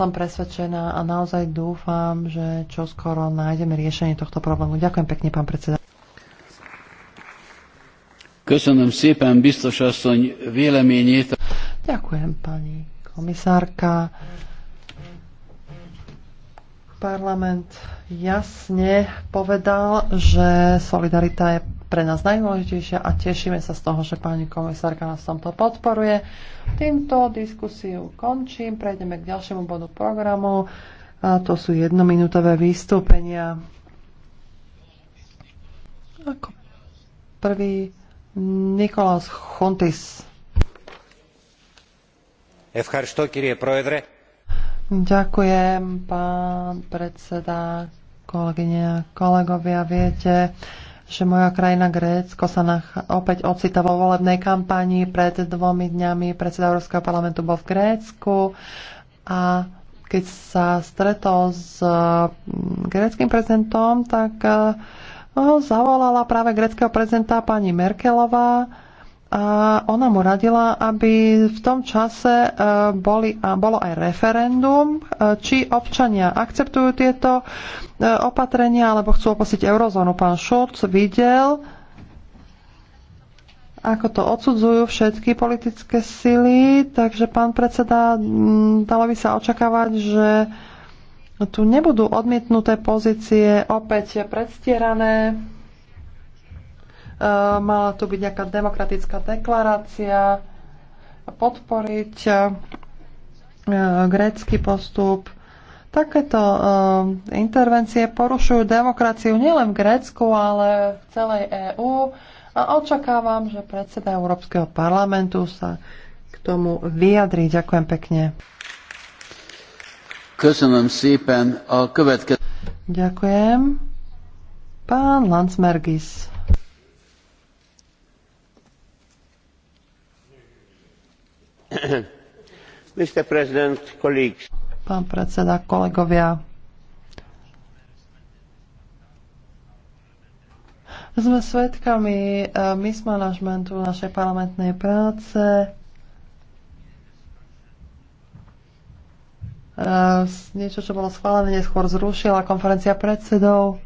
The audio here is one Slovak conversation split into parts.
Som presvedčená a naozaj dúfam, že čoskoro nájdeme riešenie tohto problému. Ďakujem pekne, pán predseda. Köszönöm szépen biztos asszony véleményét. Ďakujem, pani komisárka. Parlament jasne povedal, že solidarita je pre nás najdôležitejšia a tešíme sa z toho, že pani komisárka nás tomto podporuje. Týmto diskusiu končím, prejdeme k ďalšiemu bodu programu. A to sú jednominútové vystúpenia. Ako prvý Nikolás Chontis. Štokir je Πρόεδρε. Ďakujem, pán predseda, kolegyne a kolegovia. Viete, že moja krajina Grécko sa nach- opäť ocita vo volebnej kampanii. Pred dvomi dňami predseda Európskeho parlamentu bol v Grécku a keď sa stretol s mm, gréckým prezidentom, tak eh, ho zavolala práve gréckého prezidenta pani Merkelová a ona mu radila, aby v tom čase e, boli, bolo aj referendum, e, či občania akceptujú tieto e, opatrenia, alebo chcú opustiť eurozónu. Pán Šulc videl, ako to odsudzujú všetky politické sily, takže pán predseda, dalo by sa očakávať, že tu nebudú odmietnuté pozície opäť predstierané Eh, mala tu byť nejaká demokratická deklarácia, podporiť eh, grécky postup. Takéto eh, intervencie porušujú demokraciu nielen v Grécku, ale v celej EÚ a očakávam, že predseda Európskeho parlamentu sa k tomu vyjadri. Ďakujem pekne. Ďakujem. Pán Landsmergis. Pán predseda, kolegovia, sme svedkami eh, mismanagementu našej parlamentnej práce. Eh, niečo, čo bolo schválené, neskôr zrušila konferencia predsedov.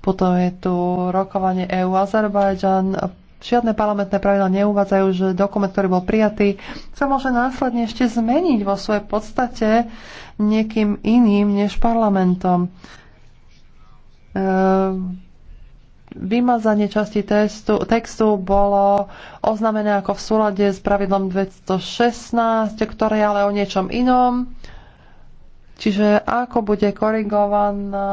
Potom je tu rokovanie EU-Azerbajdžan. Žiadne parlamentné pravidla neuvádzajú, že dokument, ktorý bol prijatý, sa môže následne ešte zmeniť vo svojej podstate niekým iným než parlamentom. Ehm, vymazanie časti textu, textu bolo oznamené ako v súlade s pravidlom 216, ktoré je ale o niečom inom Čiže ako bude korigovaná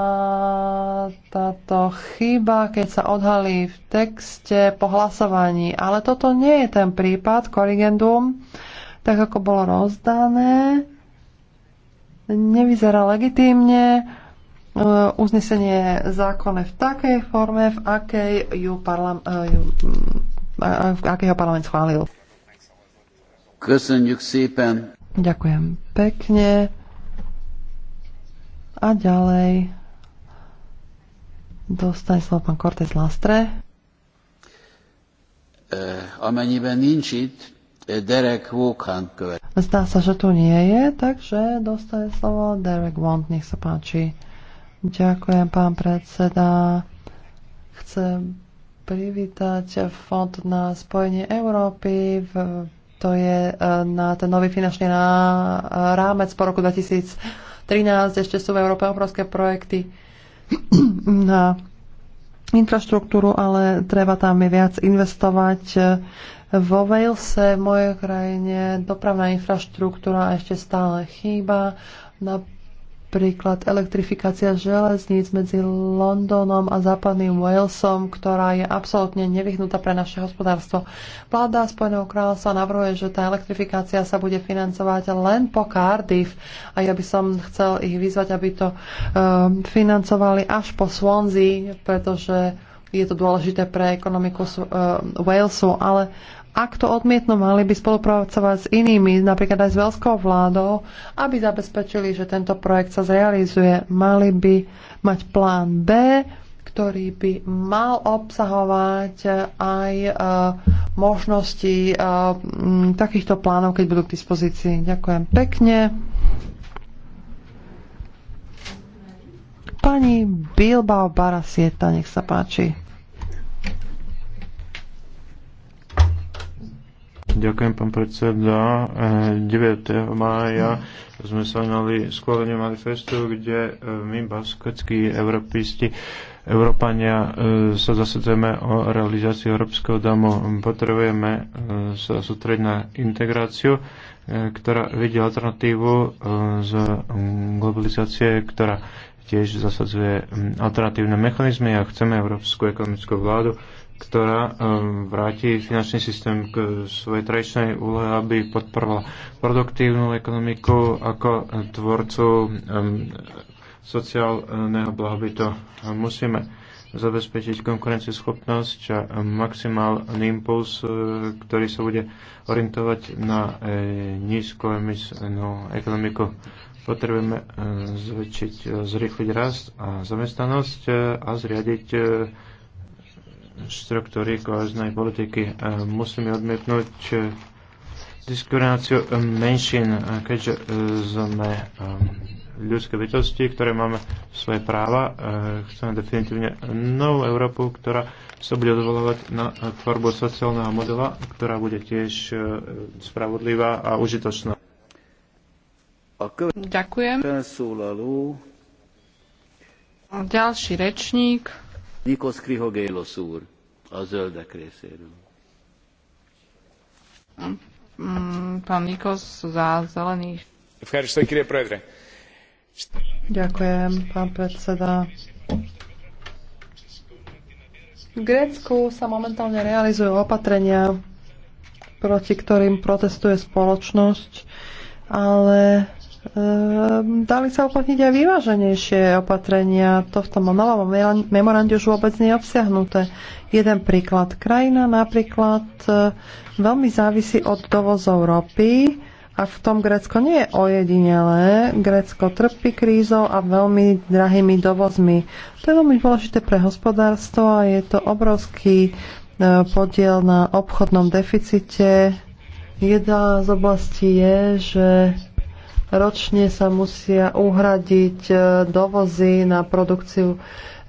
táto chyba, keď sa odhalí v texte po hlasovaní. Ale toto nie je ten prípad, korigendum, tak ako bolo rozdané, nevyzerá legitímne. Uh, uznesenie zákone v takej forme, v akej ju parlam, uh, mm, v akej ho parlament schválil. Ďakujem pekne. A ďalej dostane slovo pán Cortés Lastre. amennyiben nincs itt, Derek Wokan követ. Zdá sa, že tu nie je, takže dostane slovo Derek Wong, nech sa páči. Ďakujem, pán predseda. Chcem privítať Fond na spojenie Európy. V, to je e, na ten nový finančný rámec po roku 2000 ešte sú v Európe obrovské projekty na infraštruktúru, ale treba tam viac investovať. E, vo Walese, v mojej krajine, dopravná infraštruktúra ešte stále chýba. Na napríklad elektrifikácia železníc medzi Londonom a západným Walesom, ktorá je absolútne nevyhnutá pre naše hospodárstvo. Vláda Spojeného kráľovstva navrhuje, že tá elektrifikácia sa bude financovať len po Cardiff a ja by som chcel ich vyzvať, aby to um, financovali až po Swansea, pretože je to dôležité pre ekonomiku uh, Walesu, ale ak to odmietnú, mali by spolupracovať s inými, napríklad aj s veľskou vládou, aby zabezpečili, že tento projekt sa zrealizuje. Mali by mať plán B, ktorý by mal obsahovať eh, aj eh, možnosti eh, takýchto plánov, keď budú k dispozícii. Ďakujem pekne. Pani Bilbao Barasieta, nech sa páči. Ďakujem, pán predseda. 9. Eh, mája sme sa mali schválenie manifestu, kde eh, my, baskockí európisti, Európania eh, sa zasadzujeme o realizáciu Európskeho domu. Potrebujeme sa sústrediť na integráciu, ktorá vidí alternatívu z mm, globalizácie, ktorá tiež zasadzuje mm, alternatívne mechanizmy a chceme Európsku ekonomickú vládu, ktorá um, vráti finančný systém k svojej tradičnej úlohe, aby podporovala produktívnu ekonomiku ako tvorcu um, sociálneho blahobytu. Musíme zabezpečiť konkurencieschopnosť a maximálny impuls, uh, ktorý sa bude orientovať na uh, nízkoemisnú ekonomiku. Potrebujeme uh, zväčšiť, zrýchliť rast a zamestnanosť a zriadiť štruktúry koheznej politiky. E, musíme odmietnúť e, diskrimináciu e, menšín, keďže sme ľudské bytosti, ktoré máme svoje práva. Chceme definitívne novú Európu, ktorá sa bude odvolávať na tvorbu sociálneho modela, ktorá bude tiež spravodlivá a užitočná. Ďakujem. Ďalší rečník. Nikos Krihogélos úr a zöldek részéről. Mm, pán Nikos za Ďakujem, pán predseda. V Grécku sa momentálne realizujú opatrenia, proti ktorým protestuje spoločnosť, ale Ehm, dali sa uplatniť aj vyváženejšie opatrenia. To v tom novom memorande už vôbec nie je obsiahnuté. Jeden príklad. Krajina napríklad e, veľmi závisí od dovozov ropy a v tom Grécko nie je ojedinelé. Grécko trpí krízou a veľmi drahými dovozmi. To je veľmi dôležité pre hospodárstvo a je to obrovský e, podiel na obchodnom deficite. Jedna z oblastí je, že Ročne sa musia uhradiť e, dovozy na produkciu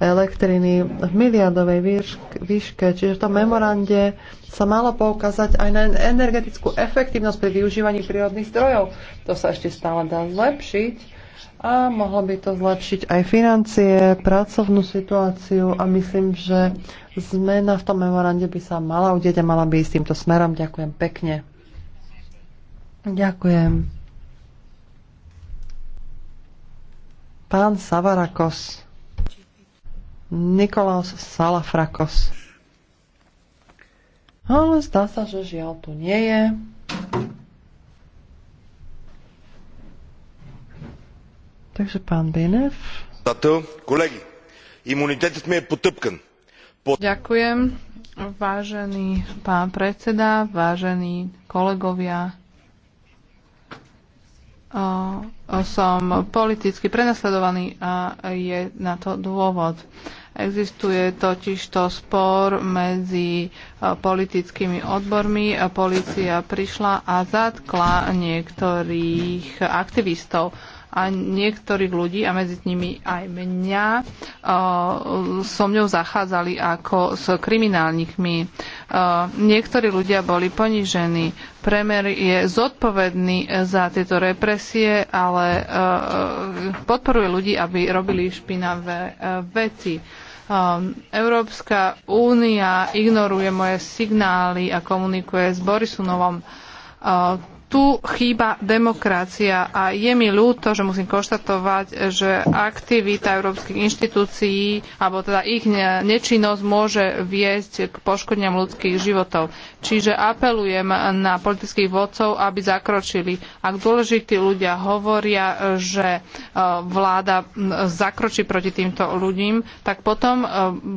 elektriny v miliardovej výške. Čiže v tom memorande sa malo poukázať aj na energetickú efektívnosť pri využívaní prírodných zdrojov. To sa ešte stále dá zlepšiť a mohlo by to zlepšiť aj financie, pracovnú situáciu a myslím, že zmena v tom memorande by sa mala udieť a mala by ísť týmto smerom. Ďakujem pekne. Ďakujem. Pán Savarakos. Nikolaus Salafrakos. Ale zdá sa, že žiaľ tu nie je. Takže pán Benev. Tato, Kolegy, imunitet mi je potrpken. potъпкан. Ďakujem, vážený pán predseda, vážení kolegovia, som politicky prenasledovaný a je na to dôvod. Existuje totiž to spor medzi politickými odbormi. Polícia prišla a zatkla niektorých aktivistov a niektorých ľudí a medzi nimi aj mňa uh, so mňou zachádzali ako s kriminálnikmi. Uh, niektorí ľudia boli ponižení. Premer je zodpovedný za tieto represie, ale uh, podporuje ľudí, aby robili špinavé veci. Um, Európska únia ignoruje moje signály a komunikuje s Borisunovom tu chýba demokracia a je mi ľúto, že musím konštatovať, že aktivita európskych inštitúcií, alebo teda ich nečinnosť môže viesť k poškodeniam ľudských životov. Čiže apelujem na politických vodcov, aby zakročili. Ak dôležití ľudia hovoria, že e, vláda zakročí proti týmto ľudím, tak potom e,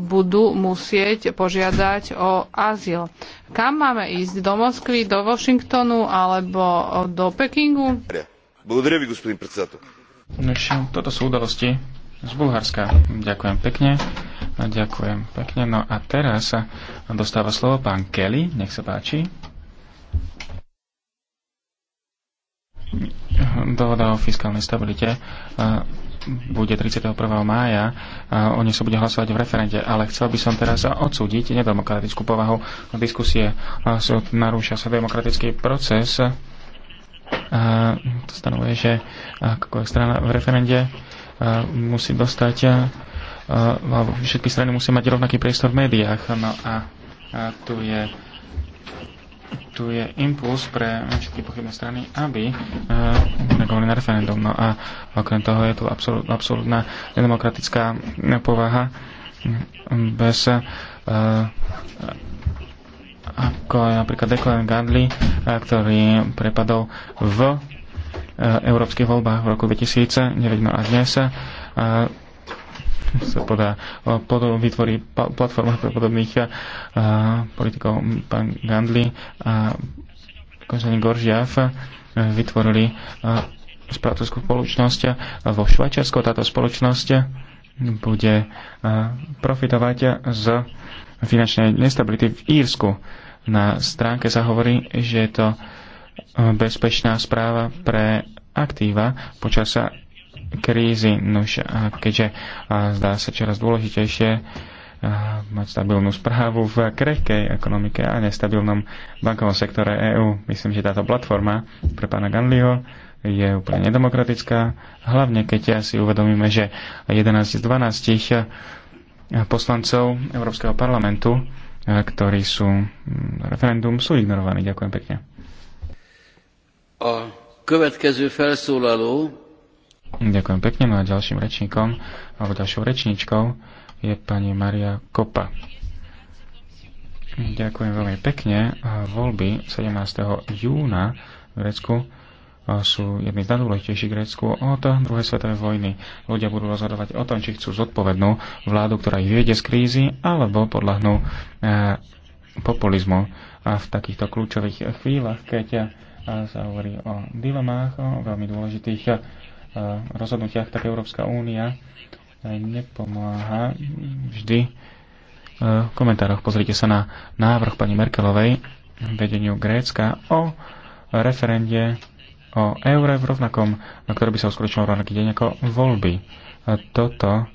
budú musieť požiadať o azyl. Kam máme ísť? Do Moskvy, do Washingtonu alebo e, do Pekingu? Благодаря ви, господин председател. Toto sú udalosti z Bulharska. Ďakujem pekne. No, ďakujem pekne. No a teraz sa dostáva slovo pán Kelly. Nech sa páči. Dohoda o fiskálnej stabilite bude 31. mája, o nej sa bude hlasovať v referende, ale chcel by som teraz odsúdiť nedemokratickú povahu diskusie. Narúša sa demokratický proces. To stanovuje, že ako strana v referende musí dostať všetky strany musia mať rovnaký priestor v médiách. No a, a tu je tu je impuls pre všetky pochybné strany, aby reagovali na referendum. No a okrem toho je tu absolútna nedemokratická povaha bez uh, ako je napríklad Declan Gandley, ktorý prepadol v e, európskych voľbách v roku 2009 no a dnes e, sa podá, pod, vytvorí platforma pre podobných uh, politikov pán Gandli a Konstantin Goržiav e, vytvorili uh, e, spratovskú spoločnosť vo Švajčiarsku. Táto spoločnosť bude e, profitovať z finančnej nestability v Írsku. Na stránke sa hovorí, že je to bezpečná správa pre aktíva počas krízy. nož keďže zdá sa čoraz dôležitejšie mať stabilnú správu v krehkej ekonomike a nestabilnom bankovom sektore EÚ. Myslím, že táto platforma pre pána Ganliho je úplne nedemokratická, hlavne keď ja si uvedomíme, že 11 z 12 poslancov Európskeho parlamentu, ktorí sú referendum, sú ignorovaní. Ďakujem pekne. A következő felszólaló Ďakujem pekne. No a ďalším rečníkom, alebo ďalšou rečníčkou je pani Maria Kopa. Ďakujem veľmi pekne. Voľby 17. júna v Grécku sú jedny z najdôležitejších Grécku od druhej svetovej vojny. Ľudia budú rozhodovať o tom, či chcú zodpovednú vládu, ktorá ich viede z krízy, alebo podľahnú eh, populizmu. A v takýchto kľúčových chvíľach, keď eh, sa hovorí o dilemách, o veľmi dôležitých eh, Eh, rozhodnutiach, tak Európska únia eh, nepomáha vždy eh, v komentároch. Pozrite sa na návrh pani Merkelovej vedeniu Grécka o referende o eure v rovnakom, ktoré by sa uskutočnilo rovnaký deň ako voľby. Toto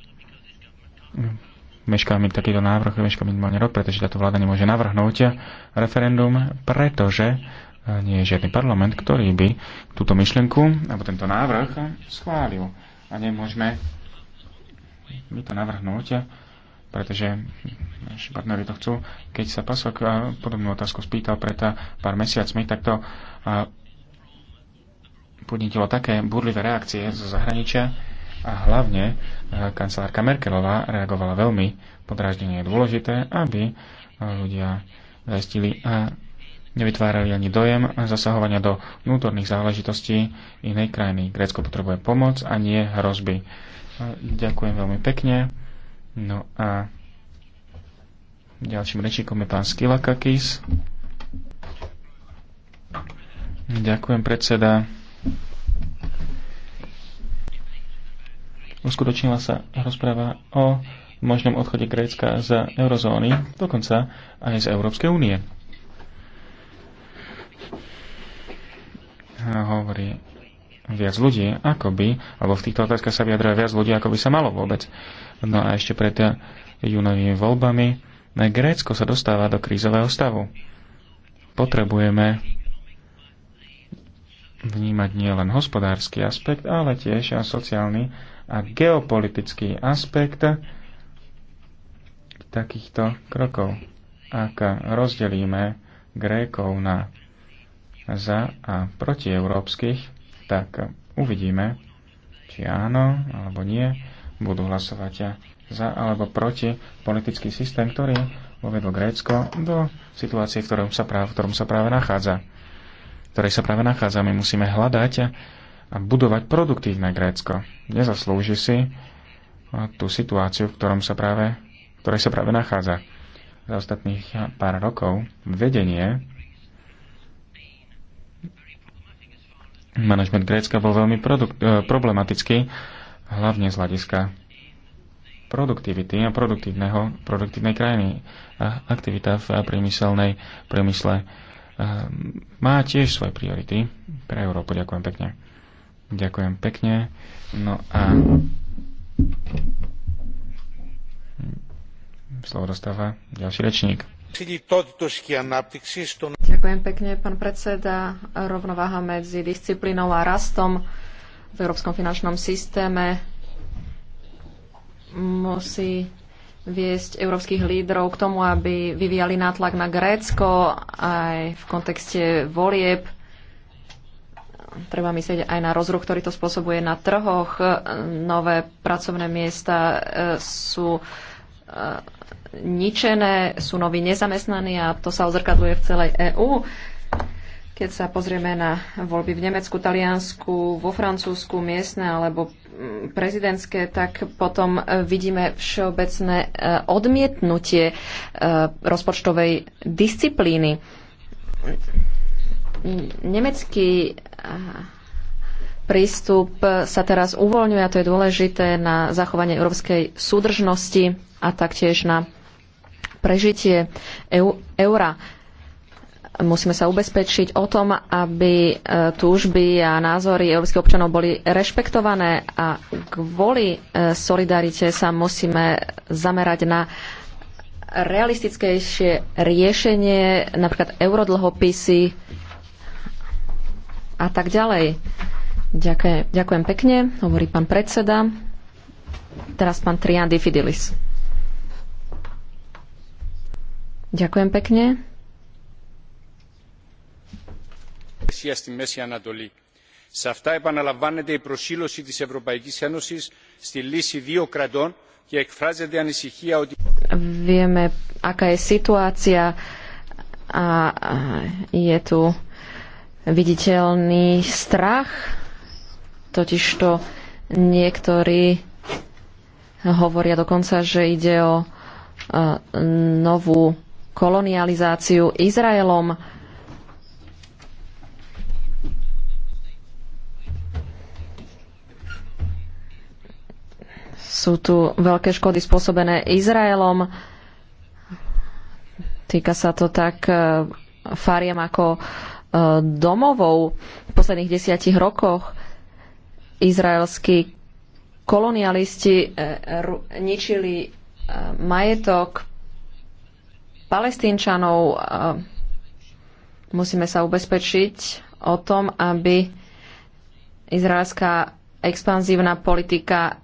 mešká mi takýto návrh, mešká minimálne rok, pretože táto vláda nemôže navrhnúť referendum, pretože nie je žiadny parlament, ktorý by túto myšlienku alebo tento návrh schválil. A nemôžeme my to navrhnúť, pretože naši partneri to chcú. Keď sa Pasok podobnú otázku spýtal pred pár mesiacmi, tak to podnítilo také burlivé reakcie zo zahraničia a hlavne kancelárka Merkelová reagovala veľmi podráždenie. Je dôležité, aby ľudia zaistili nevytvárali ani dojem zasahovania do vnútorných záležitostí inej krajiny. Grécko potrebuje pomoc a nie hrozby. Ďakujem veľmi pekne. No a ďalším rečníkom je pán Skilakakis. Ďakujem, predseda. Uskutočnila sa rozpráva o možnom odchode Grécka z eurozóny, dokonca aj z Európskej únie. hovorí viac ľudí, ako by, alebo v týchto otázkach sa vyjadruje viac ľudí, ako by sa malo vôbec. No a ešte pred júnovými voľbami Grécko sa dostáva do krízového stavu. Potrebujeme vnímať nielen hospodársky aspekt, ale tiež a sociálny a geopolitický aspekt takýchto krokov. Ak rozdelíme Grékov na za a proti európskych, tak uvidíme, či áno alebo nie, budú hlasovať za alebo proti politický systém, ktorý uvedol Grécko do situácie, v ktorom sa práve, v ktorom sa práve nachádza. V ktorej sa práve nachádza. My musíme hľadať a budovať produktívne Grécko. Nezaslúži si tú situáciu, v, ktorom sa práve, v ktorej sa práve nachádza. Za ostatných pár rokov vedenie Manažment Grécka bol veľmi produk- e, problematický, hlavne z hľadiska produktivity a produktívneho, produktívnej krajiny. A aktivita v priemyselnej priemysle e, má tiež svoje priority pre Európu. Ďakujem pekne. Ďakujem pekne. No a slovo dostáva ďalší rečník. Ďakujem pekne, pán predseda. Rovnováha medzi disciplínou a rastom v európskom finančnom systéme musí viesť európskych lídrov k tomu, aby vyvíjali nátlak na Grécko aj v kontexte volieb. Treba myslieť aj na rozruch, ktorý to spôsobuje na trhoch. Nové pracovné miesta eh, sú eh, ničené, sú noví nezamestnaní a to sa ozrkadluje v celej EÚ. Keď sa pozrieme na voľby v Nemecku, Taliansku, vo Francúzsku, miestne alebo mm, prezidentské, tak potom e, vidíme všeobecné e, odmietnutie e, rozpočtovej disciplíny. Nemecký prístup sa teraz uvoľňuje a to je dôležité na zachovanie európskej súdržnosti a taktiež na prežitie eura. Musíme sa ubezpečiť o tom, aby e, túžby a názory európskych občanov boli rešpektované a kvôli e, solidarite sa musíme zamerať na realistickejšie riešenie, napríklad eurodlhopisy a tak ďalej. Ďakujem, ďakujem pekne, hovorí pán predseda. Teraz pán Triandi Fidelis. Ďakujem pekne. Στη Μέση Ανατολή. Σε αυτά επαναλαμβάνεται η προσήλωση της Ευρωπαϊκής Ένωσης στη λύση δύο κρατών και εκφράζεται ανησυχία ότι... Vieme, aká je situácia a je tu viditeľný strach, totižto niektorí hovoria dokonca, že ide o νόβου kolonializáciu Izraelom. Sú tu veľké škody spôsobené Izraelom. Týka sa to tak e, fariem ako e, domovou v posledných desiatich rokoch izraelskí kolonialisti e, ničili majetok palestínčanov. Musíme sa ubezpečiť o tom, aby izraelská expanzívna politika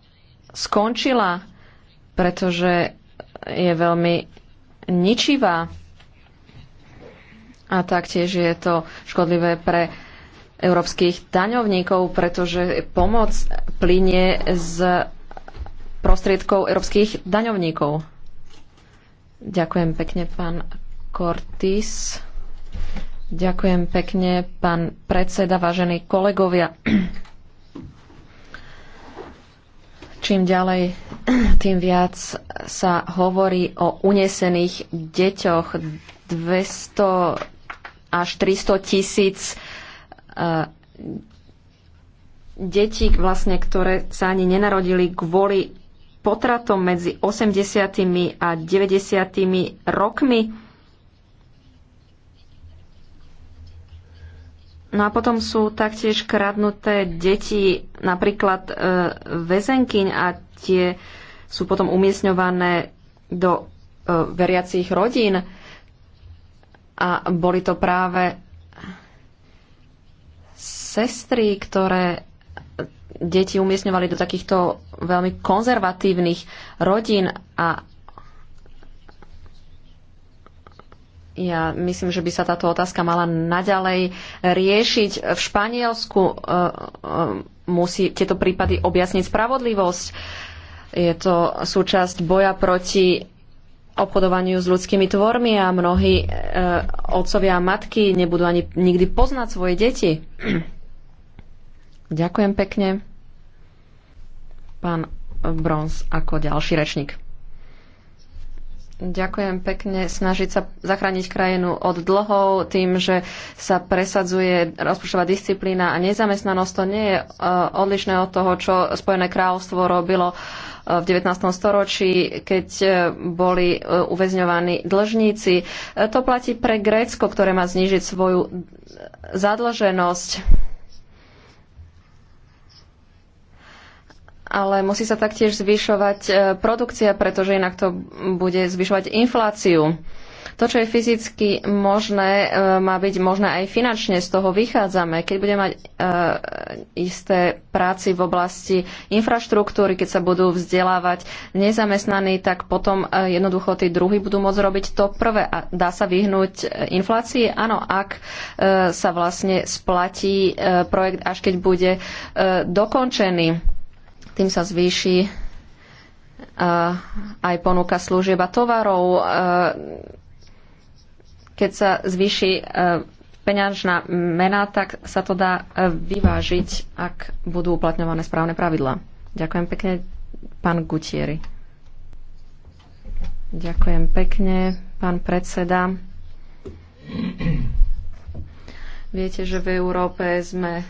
skončila, pretože je veľmi ničivá. A taktiež je to škodlivé pre európskych daňovníkov, pretože pomoc plinie z prostriedkov európskych daňovníkov. Ďakujem pekne, pán Cortis. Ďakujem pekne, pán predseda, vážení kolegovia. Čím ďalej, tým viac sa hovorí o unesených deťoch. 200 až 300 tisíc e, detí, vlastne, ktoré sa ani nenarodili kvôli potratom medzi 80. a 90. rokmi. No a potom sú taktiež kradnuté deti, napríklad e, väzenkyň a tie sú potom umiestňované do e, veriacich rodín. A boli to práve sestry, ktoré deti umiestňovali do takýchto veľmi konzervatívnych rodín a Ja myslím, že by sa táto otázka mala naďalej riešiť. V Španielsku uh, musí tieto prípady objasniť spravodlivosť. Je to súčasť boja proti obchodovaniu s ľudskými tvormi a mnohí e, otcovia a matky nebudú ani nikdy poznať svoje deti. Ďakujem pekne. Pán Brons ako ďalší rečník. Ďakujem pekne. Snažiť sa zachrániť krajinu od dlhov tým, že sa presadzuje rozpočtová disciplína a nezamestnanosť, to nie je eh, odlišné od toho, čo Spojené kráľovstvo robilo eh, v 19. storočí, keď eh, boli uväzňovaní dlžníci. To platí pre Grécko, ktoré má znížiť svoju zadlženosť ale musí sa taktiež zvyšovať e, produkcia, pretože inak to bude zvyšovať infláciu. To, čo je fyzicky možné, e, má byť možné aj finančne, z toho vychádzame. Keď budeme mať e, isté práci v oblasti infraštruktúry, keď sa budú vzdelávať nezamestnaní, tak potom jednoducho tí druhí budú môcť robiť to prvé. A dá sa vyhnúť inflácii? Áno, ak sa vlastne splatí projekt, až keď bude dokončený tým sa zvýši eh, aj ponuka služieb a tovarov. Eh, keď sa zvýši eh, peňažná mena, tak sa to dá vyvážiť, ak budú uplatňované správne pravidlá. Ďakujem pekne, pán Gutieri. Ďakujem pekne, pán predseda. Viete, že v Európe sme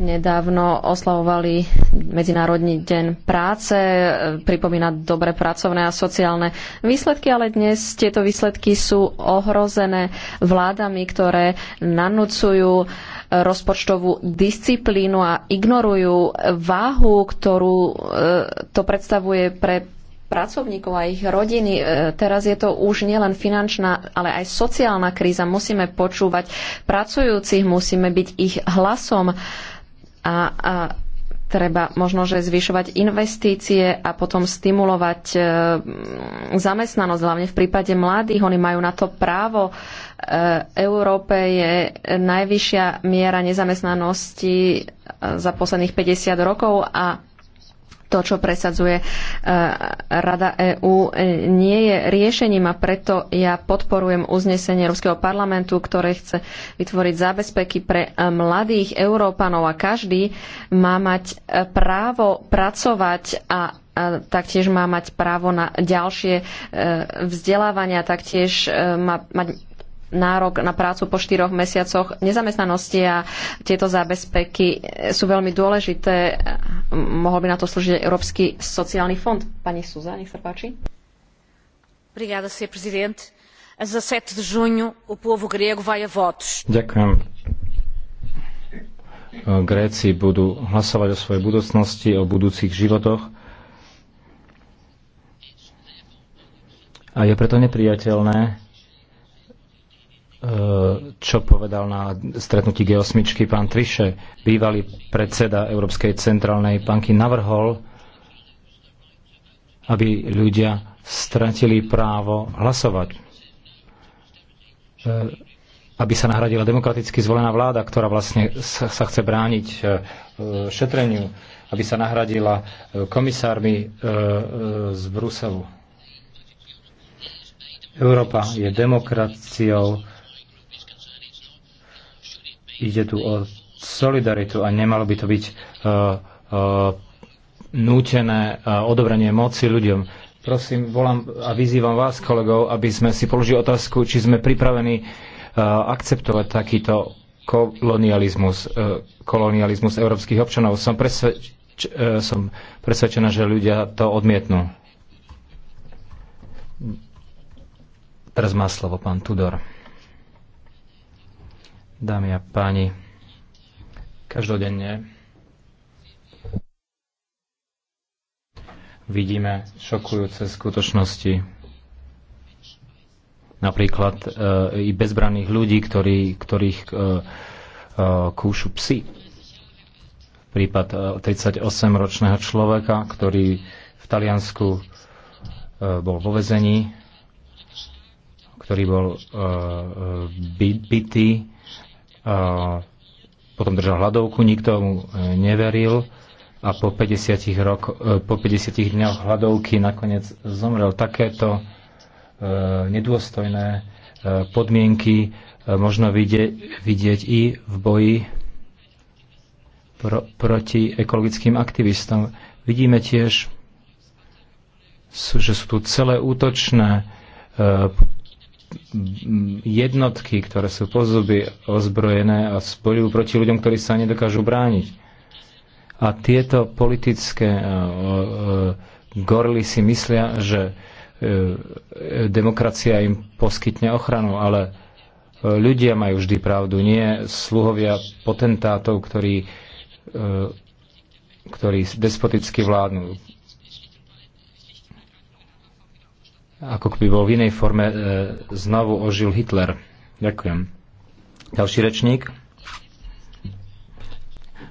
nedávno oslavovali Medzinárodný deň práce, pripomína dobre pracovné a sociálne výsledky, ale dnes tieto výsledky sú ohrozené vládami, ktoré nanúcujú rozpočtovú disciplínu a ignorujú váhu, ktorú e, to predstavuje pre pracovníkov a ich rodiny. E, teraz je to už nielen finančná, ale aj sociálna kríza. Musíme počúvať pracujúcich, musíme byť ich hlasom. Uh, a, a treba možno, že zvyšovať investície a potom stimulovať e, zamestnanosť, hlavne v prípade mladých. Oni majú na to právo. E, Európe je najvyššia miera nezamestnanosti e, za posledných 50 rokov a to, čo presadzuje e, Rada EÚ, e, nie je riešením a preto ja podporujem uznesenie Ruského parlamentu, ktoré chce vytvoriť zábezpeky pre e, mladých Európanov a každý má mať právo pracovať a a taktiež má mať právo na ďalšie vzdelávania, taktiež má mať nárok na prácu po štyroch mesiacoch nezamestnanosti a tieto zábezpeky sú veľmi dôležité. Mohol by na to slúžiť Európsky sociálny fond. Pani Suza, nech sa páči. Obrigada, Sr. Presidente. A 17 de junho o povo grego vai a votos. Ďakujem. Gréci budú hlasovať o svojej budúcnosti, o budúcich životoch. A je preto nepriateľné, Eh, čo povedal na stretnutí G8 pán Triše, bývalý predseda Európskej centrálnej banky, navrhol, aby ľudia stratili právo hlasovať. Eh, aby sa nahradila demokraticky zvolená vláda, ktorá vlastne sa chce brániť eh, šetreniu. Aby sa nahradila komisármi z Bruselu. Európa je demokraciou, Ide tu o solidaritu a nemalo by to byť uh, uh, nútené uh, odobranie moci ľuďom. Prosím, volám a vyzývam vás, kolegov, aby sme si položili otázku, či sme pripravení uh, akceptovať takýto kolonializmus, uh, kolonializmus európskych občanov. Som, presvedč- uh, som presvedčená, že ľudia to odmietnú. Teraz má slovo pán Tudor. Dámy a páni, každodenne vidíme šokujúce skutočnosti. Napríklad e, i bezbranných ľudí, ktorí, ktorých e, e, kúšu psi. Prípad 38-ročného e, človeka, ktorý v Taliansku e, bol vo vezení, ktorý bol e, bytý Eh, potom držal hladovku, nikto mu eh, neveril a po 50, rok, eh, po 50 dňoch hladovky nakoniec zomrel. Takéto nedôstojné podmienky možno vidieť, vidieť i v boji pro, proti ekologickým aktivistom. Vidíme tiež, že sú tu celé útočné jednotky, ktoré sú pozuby ozbrojené a spojujú proti ľuďom, ktorí sa nedokážu brániť. A tieto politické e, e, gorly si myslia, že e, demokracia im poskytne ochranu, ale ľudia majú vždy pravdu, nie sluhovia potentátov, ktorí, ktorí despoticky vládnu ako keby bol v inej forme e, znovu ožil Hitler. Ďakujem. Ďalší rečník.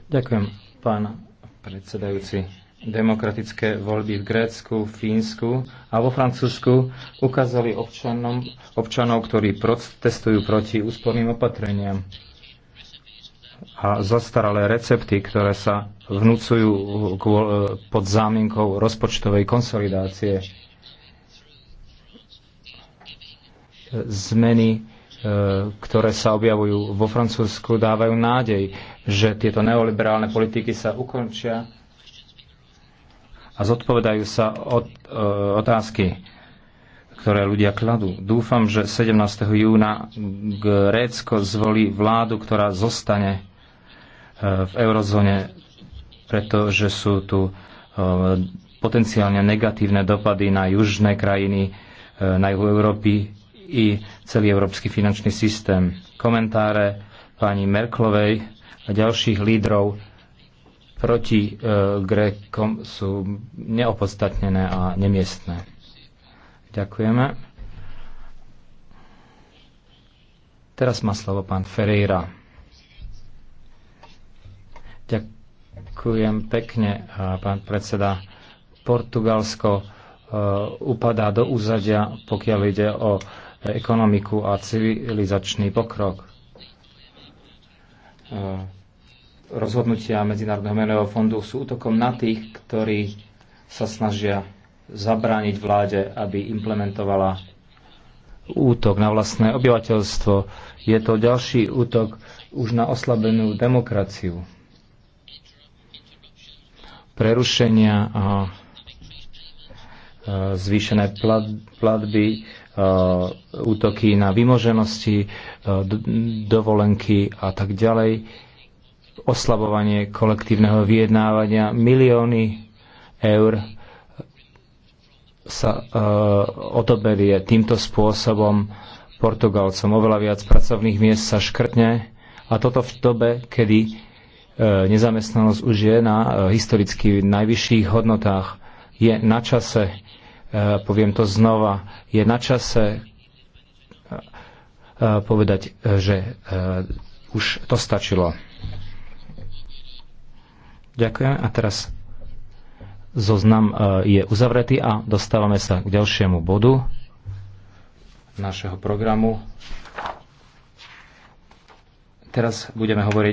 Ďakujem, pán predsedajúci. Demokratické voľby v Grécku, Fínsku a vo Francúzsku ukázali občanom, občanov, ktorí protestujú proti úsporným opatreniam a zastaralé recepty, ktoré sa vnúcujú e, pod zámienkou rozpočtovej konsolidácie zmeny, e, ktoré sa objavujú vo Francúzsku, dávajú nádej, že tieto neoliberálne politiky sa ukončia a zodpovedajú sa od, e, otázky, ktoré ľudia kladú. Dúfam, že 17. júna Grécko zvolí vládu, ktorá zostane e, v eurozóne, pretože sú tu potenciálne negatívne dopady na južné krajiny, na juhu Európy, i celý európsky finančný systém. Komentáre pani Merklovej a ďalších lídrov proti e, Grekom sú neopodstatnené a nemiestné. Ďakujeme. Teraz má slovo pán Ferreira. Ďakujem pekne, pán predseda. Portugalsko e, upadá do úzadia, pokiaľ ide o ekonomiku a civilizačný pokrok. E, rozhodnutia Medzinárodného menového fondu sú útokom na tých, ktorí sa snažia zabrániť vláde, aby implementovala útok na vlastné obyvateľstvo. Je to ďalší útok už na oslabenú demokraciu. Prerušenia a Eh, zvýšené platby, eh, útoky na vymoženosti, eh, dovolenky a tak ďalej, oslabovanie kolektívneho vyjednávania, milióny eur sa odoberie týmto spôsobom Portugalcom. Oveľa viac pracovných miest sa škrtne a toto v dobe, kedy nezamestnanosť už je na historicky najvyšších hodnotách je na čase, e, poviem to znova, je na čase e, e, povedať, že už to stačilo. Ďakujem a teraz zoznam je uzavretý a dostávame sa k ďalšiemu bodu našeho programu. Teraz budeme hovoriť